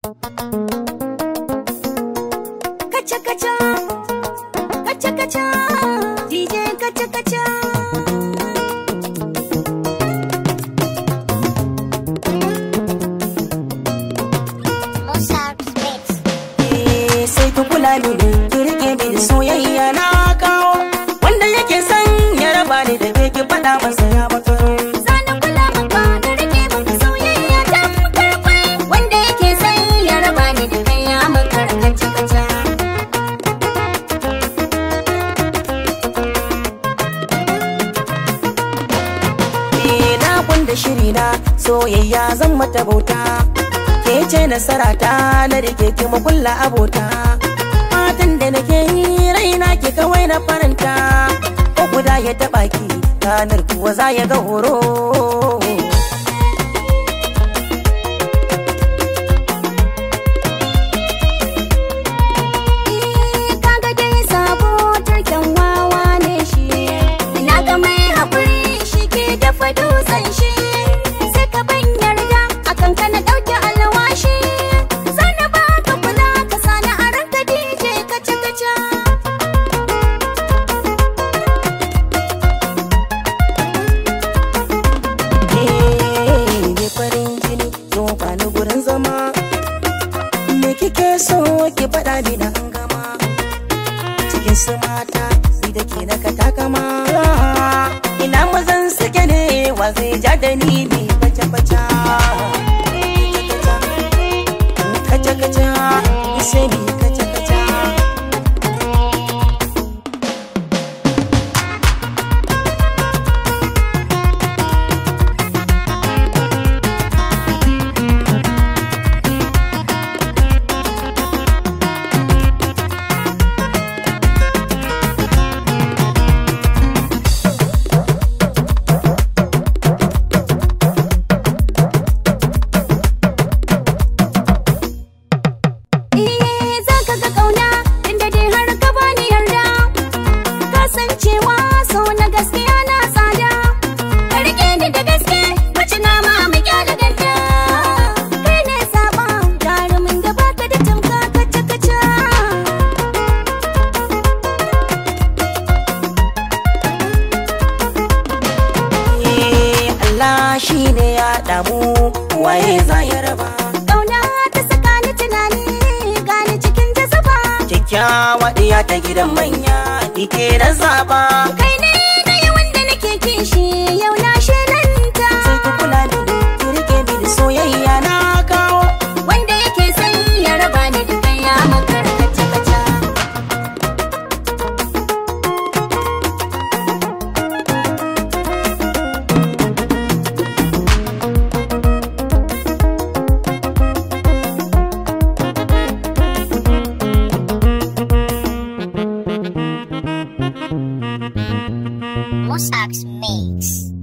Kacha kacha, DJ Sai ku kula mini, ki rike soyayya na kawo. Wanda yake son ya raba ni da ke ki faɗa masa ya makaro. da shiri na soyayya zan mata bauta ke ce nasara ta na rike ki kula abota fatan da nake yi raina ke kawai na faranta ko guda ya taba ki ranar kuwa za ya ga horo da kike so ki faɗa mi na gama cikin su mata ni da ke na katakama ina mazan suke ne wa zai ja da ni mi baca-baca kaca-kaca ni sai ka ga kauna inda dai har ka bani yarda kasancewa sau na gaskiya na tsada ka rike ni da gaske mace na ma mu kyala ganta kai ne saba jarumin da baka da tamka kaca kaca eh, Allah shi ne ya damu waye za wadiya ta gidan manya ni ke na zaba kai ne na wanda nake kishi Mos Axe Makes.